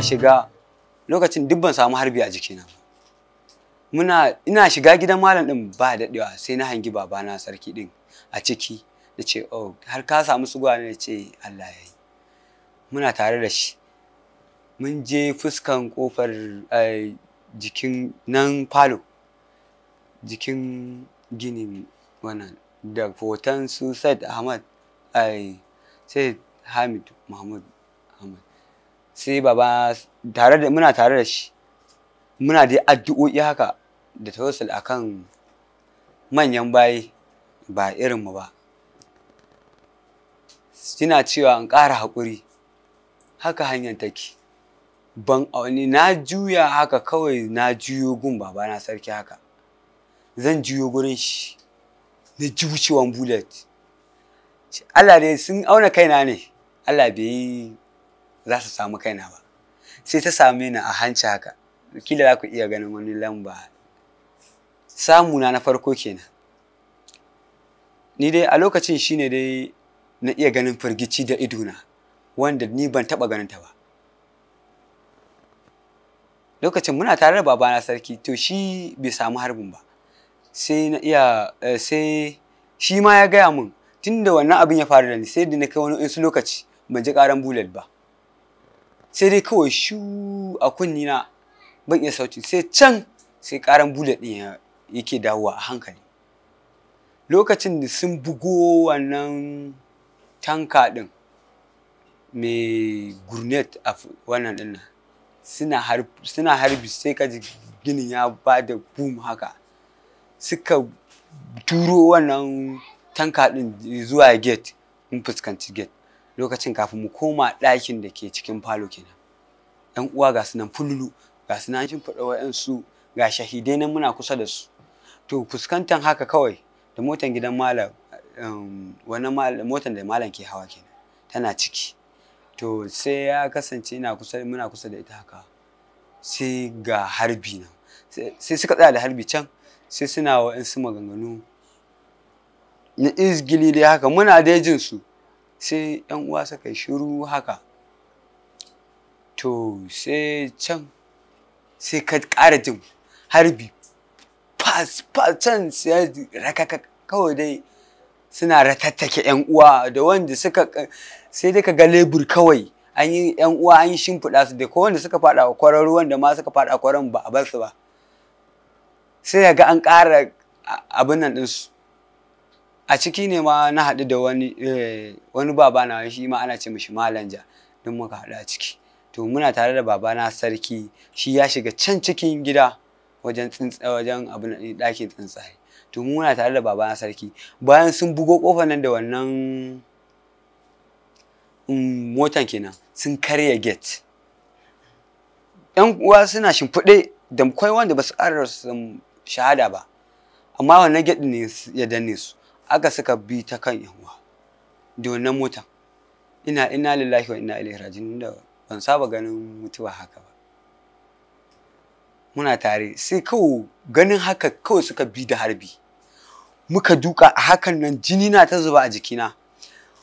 shiga lokacin dubban ban samu harbi a jikina ba muna ina shiga gidan malam din ba daɗewa sai na hangi babana sarki din a ciki nace oh har ka samu suguwa ne ce Allah ya yi muna tare da shi mun je fuskan kofar eh, jikin nan falo jikin ginin wannan da hoton su said ahmad ai eh, sai hamid mahmud ahmad sai baba tare da muna tare da shi muna dai addu'o'i haka da a kan manyan bayi ba irinmu ba suna cewa in ƙara haƙuri haka hanyar take ban auni na juya haka kawai na juyo gun babana sarki haka zan juyo gurin shi na ji wucewan bullet Allah dai sun auna kaina ne Allah bai yi za su samu kaina ba sai ta same ni a hanci haka kila za ku iya ganin wani lamba samuna na farko kenan ni dai a lokacin shine dai na iya ganin firgici da iduna wanda ni ban taba ganin ta ba lokacin muna tare da babana sarki to shi bai samu harbin ba sai na iya eh, sai shi ma ya gaya min tunda da wannan abin ya faru da ni sai da na kai wani insu lokaci ban ji karan bulet ba sai dai kawai shu a kunni na ban iya sauti sai can sai karan bulal. din yake dawowa a hankali lokacin da sun bugo wannan tanka ɗin mai gurnet a wannan ɗin suna harbi sai ka ji ginin ya ba da boom haka suka turo wannan tanka ɗin zuwa gate in fuskanci gate lokacin kafin mu koma ɗakin da ke cikin falo kenan yan uwa ga sunan fululu ga su nan shimfiɗa wa'yansu ga shahidai nan muna kusa da su to fuskantar haka kawai da motan gidan malam um, Wani motan da malam ke hawa kenan tana ciki to sai ya kasance ina kusa muna kusa da ita haka sai ga harbi na sai suka tsaya da harbi can sai suna wa su maganganu na izgili dai haka muna dai jin su sai yan uwa suka yi shiru haka to sai can sai ka ƙara jin harbi fas fas can rakaka kawai dai suna ratattake yan uwa da wanda suka sai dai ka ga lebur kawai an yi yan uwa an yi shimfiɗa su da kowanne suka faɗa wa kwarar wanda ma suka faɗa kwaran ba a bar su ba sai ga an ƙara abin nan su. a ciki ne ma na haɗu da wani eh, wani baba na shi ma ana ce mishi malanja don muka haɗu a ciki to muna tare da babana sarki shi ya shiga can cikin gida wajen tsintsa wajen abin ɗakin tsuntsaye to mu muna tare da babana sarki bayan sun bugo kofar nan da wannan um, motan kenan sun karya gate yan uwa suna shimfiɗe da kwai wanda ba su ƙara shahada ba amma wannan gate ne ya danne su aka suka bi ta kan yan uwa da wannan motan ina ina lillahi wa ina ilaihi raji'un da ban saba ganin mutuwa haka ba muna tare sai kawo ganin haka kawai suka bi da harbi muka duka a hakan nan jini na ta zuba a jikina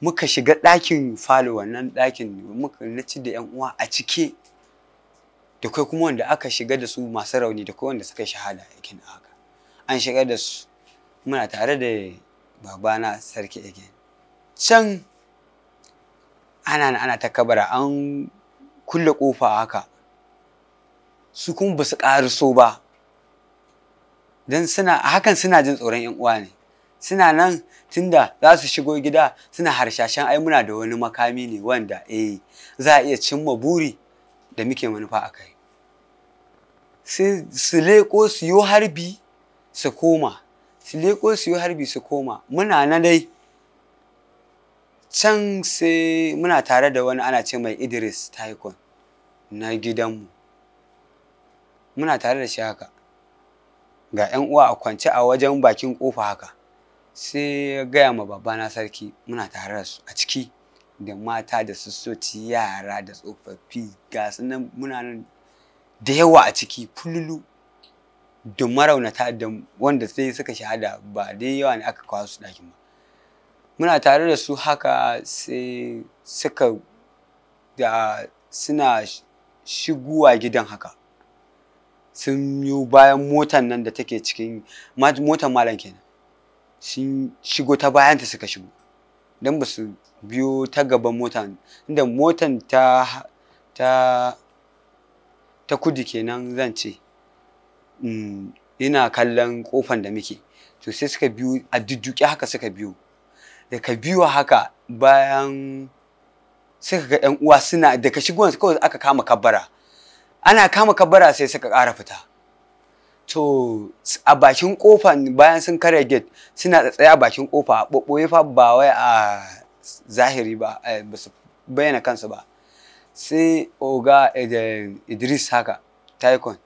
muka shiga ɗakin falo wannan ɗakin muka na da 'yan uwa a cike da kai kuma wanda aka shiga da su masu rauni da kai wanda suka shahada yakin haka an shiga da su muna tare da babana sarki again can ana ana ta kabara an kulle kofa haka su kuma ba su so ba don suna a hakan suna jin tsoron yan uwa ne suna nan tunda za su shigo gida suna harshashen ai muna da wani makami ne wanda eh za a iya cimma buri da muke manufa a kai su leƙo su yi harbi su koma su leƙo su yi harbi su koma muna na dai can sai muna tare da wani ana ce mai idris taikon na gidanmu muna tare da shi haka ga 'yan uwa a kwance a wajen bakin kofa haka sai ya gaya ma babana sarki muna tare da su a ciki da mata da sussoci yara da tsofaffi ga su nan muna nan da yawa a ciki fululu da maraunata da wanda sai suka shahada ba dai yawa ne aka kawo su ɗakin ba muna tare da su haka sai suka da suna shiguwa gidan haka sun yi bayan motan nan da take cikin motan malam kenan sun shigo ta bayan ta suka shigo don ba su biyo ta gaban motan inda motan ta ta ta kudu kenan zan ce mm, ina kallon kofan da muke to sai suka biyo a dudduke haka suka biyo Da ka biyo haka bayan suka ga yan uwa suna ka shigo kawai aka kama kabbara ana kama kabbara sai suka ƙara fita to a bakin kofa bayan sun karya gate suna tsaye a bakin kofa a ɓoɓɓoye fa ba wai a zahiri ba eh, ba su bayyana kansu ba sai oga idris haka taikon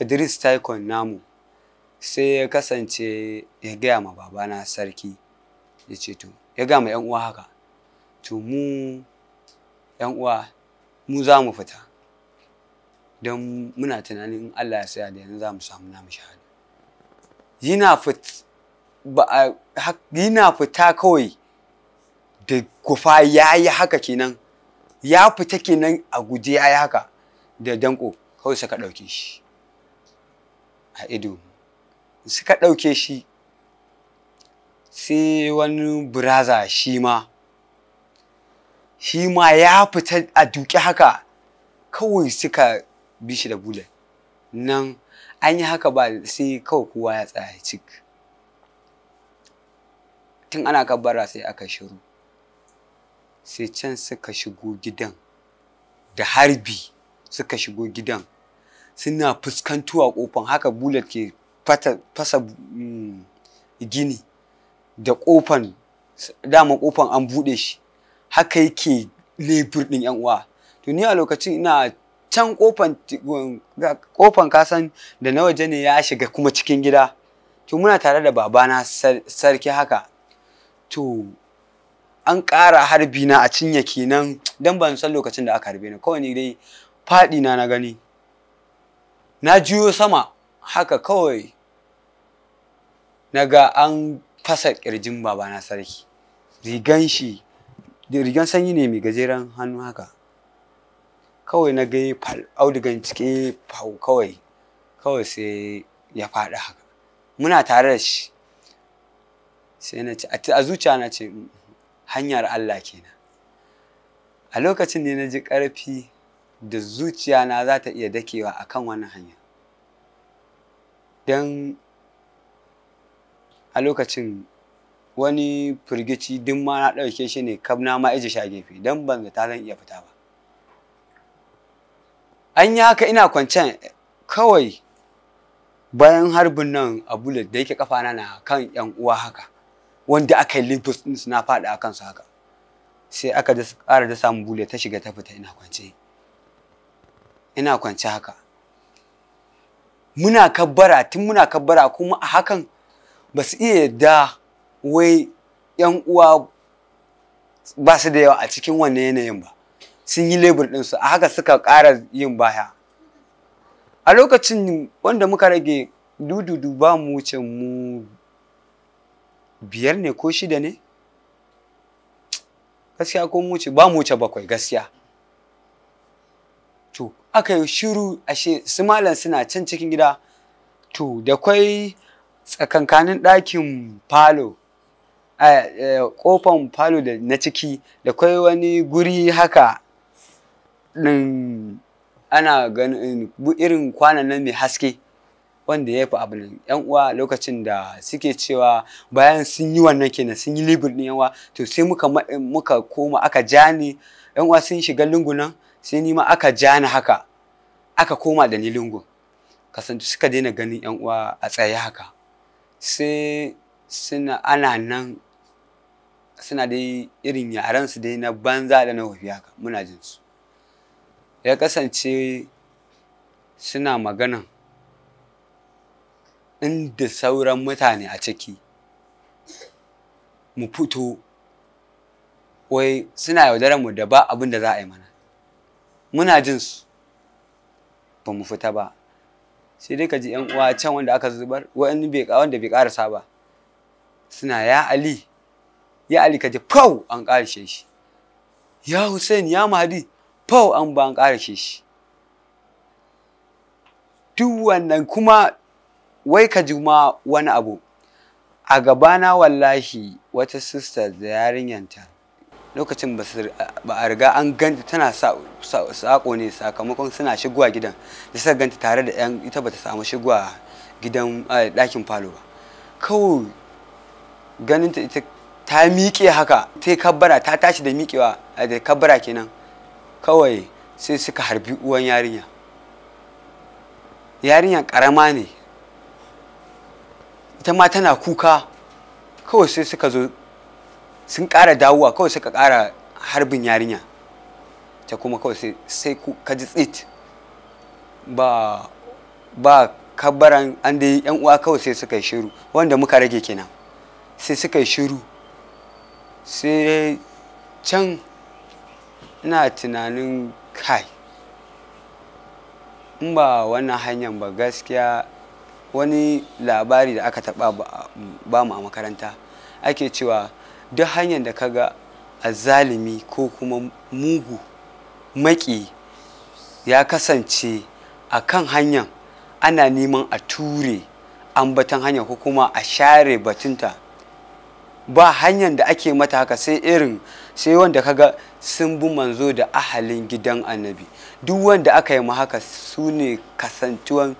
idris taikon namu sai ya kasance ya gaya ma babana sarki ya ce to ya ga mu 'yan uwa haka to mu 'yan uwa mu za mu fita don muna tunanin Allah ya saya da yanzu za mu samu namu shahada yina fita kawai da kufa ya yi haka kenan ya fita kenan a guji ya yi haka da danko kawai suka ɗauke shi a ido suka ɗauke shi sai wani buraza shi ma shi ma ya fita a duki haka kawai suka bishi da bullet nan an yi haka ba sai kawai kowa ya tsaya cik tun ana kabbara sai aka shiru sai can suka shigo gidan da harbi suka shigo gidan suna fuskantuwa kofan haka bullet ke fasa mm, gini da kofan dama kofan an buɗe shi haka yake lebur ɗin yan uwa to ni a lokacin ina can kofan kofan kasan da na waje ne ya shiga kuma cikin gida to muna tare da babana sarki haka to an ƙara harbi na a cinye kenan don ban san lokacin da aka harbe ni kawai dai faɗi na na gani na juyo sama haka kawai na ga an fasa ƙirjin babana sarki rigan shi rigan sanyi ne mai gajeren hannu haka kawai na ga audigan cike fau kawai kawai sai ya faɗi haka muna tare da shi sai na ce a zuciya na ce mm, hanyar Allah kenan a lokacin ne na ji ƙarfi da zuciya na za ta iya dakewa akan kan wannan hanya don a lokacin wani firgici din ma na ɗauke shi ne kab na ma ije shi gefe don ban zata zan iya fita ba an yi haka ina kwancen kawai bayan harbin nan a bullet da yake kafana na kan yan uwa haka wanda aka yi limpus din na faɗi a kansu haka sai aka ƙara da samun bullet ta shiga ta fita ina kwance ina kwance haka muna kabbara tun muna kabbara kuma a hakan ba su iya yadda wai yan uwa ba su da yawa a cikin wannan yanayin ba sun yi lebur ɗinsu a haka suka ƙara yin baya a lokacin wanda muka rage dududu ba mu wuce mu biyar ne ko shida ne gaskiya ko mu wuce ba mu wuce bakwai gaskiya to aka yi shiru ashe su malam suna can cikin gida to da kwai tsakankanin ɗakin falo a eh, eh, ƙofan falo da na ciki da kwai wani guri haka ɗin ana ganin irin kwanan nan mai haske wanda ya fi abu nan yan uwa lokacin da suke cewa bayan sun yi wannan kenan sun yi libir ɗin yan uwa to sai muka muka koma aka ja ni yan uwa sun shiga lungunan sai ni ma aka ja ni haka aka koma da ni lungun kasance suka daina ganin yan uwa a tsaye haka sai suna ana nan suna dai irin yaran su dai na banza da na wafi haka muna jin su ya kasance suna magana inda sauran mutane a ciki mu fito wai suna yaudarar mu da ba abin da za a yi mana muna jin su ba mu fita ba sai dai ka ji yan uwa can wanda aka zubar bai wanda bai karasa ba suna ya ali ya ali ka ji fau an karshe shi ya hussein ya mahdi fau an ba an ƙarashe shi duk wannan kuma wai ka ji ma wani abu a gaba na wallahi wata sister da yarinyanta lokacin ba a riga an ganta tana sako ne sakamakon suna shigowa gidan da suka ganta tare da yan ita ba ta samu shigowa gidan ɗakin falo ba kawai ganinta ita ta miƙe haka ta yi kabbara ta tashi da miƙewa da kabbara kenan kawai sai suka harbi uwan yarinya yarinya karama ne ita ma tana kuka kawai sai suka zo sun ƙara dawowa kawai suka ƙara harbin yarinya ta kuma kawai sai ka ji tsit ba ba kabaran an dai yan uwa kawai sai suka yi shiru wanda muka rage kenan sai suka yi shiru sai can ina tunanin kai in ba wannan hanyar ba gaskiya wani labari da aka taɓa ba mu a makaranta ake cewa duk hanyar da ka ga zalimi ko kuma mugu maki ya kasance a kan hanyar ana neman a ture ambatan hanyar ko kuma a share batunta ba hanyar da ake mata haka sai irin sai wanda kaga sun bi manzo da ahalin gidan annabi duk wanda aka yi ma haka su ne kasantuwan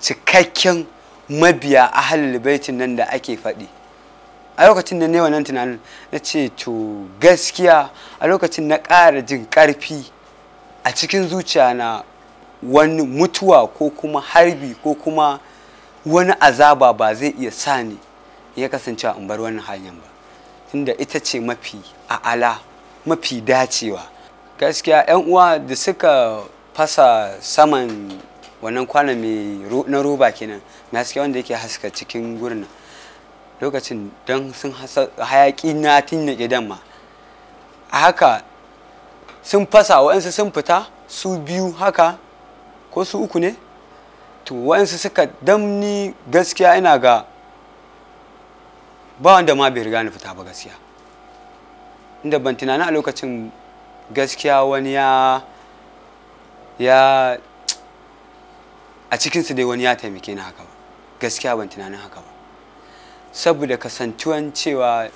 cikakken mabiya halin baitin nan da ake faɗi a lokacin da wannan tunanin na ce to gaskiya a lokacin na ƙara jin ƙarfi a cikin zuciya na wani mutuwa ko kuma harbi ko kuma wani azaba ba zai iya sa ni ya kasance in bar wani hanyar ba tunda ita ce mafi a'ala mafi dacewa gaskiya 'yan uwa da suka fasa saman wannan kwana mai na roba kenan suke wanda yake haska cikin gurin lokacin don sun hayaki na tinna gidan ma a haka sun fasa waɗansu sun fita su biyu haka ko su uku ne to waɗansu suka damni gaskiya ina ga ba wanda ma bai riga ni fita ba gaskiya inda ban tunani a lokacin gaskiya wani ya ya a cikinsu dai wani ya taimake ni haka ba gaskiya ban tunani haka ba saboda kasantuwan cewa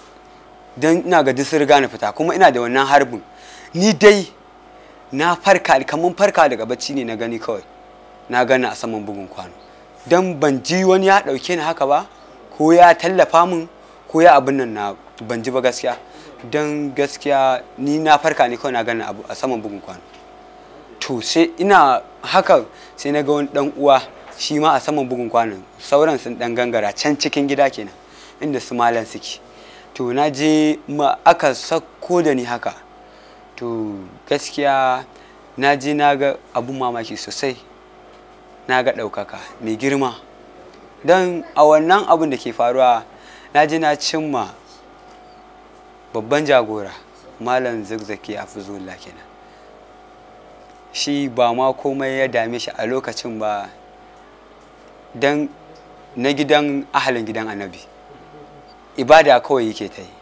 don ina ga sun riga na fita kuma ina da wannan harbin ni dai na farka kamar farka daga bacci ne na gani kawai na gani a saman bugun kwano don ban ji wani ya ɗauke ni haka ba ko ya tallafa min ko ya abin nan na ban ji ba gaskiya don gaskiya ni na farka ne kawai na gani abu a saman bugun kwano to sai ina haka sai na ga wani dan uwa shi ma a saman bugun kwano sauran sun dan gangara can cikin gida kenan inda su malan suke to na je ma aka sako da ni haka to gaskiya na je na ga abun mamaki sosai na ga ɗaukaka mai girma don a wannan abun da ke faruwa na je na cimma babban jagora malam zigzaki a fuzula kenan shi ba ma komai ya dame shi a lokacin ba don na gidan ahalin gidan annabi ibada kawai yake ta yi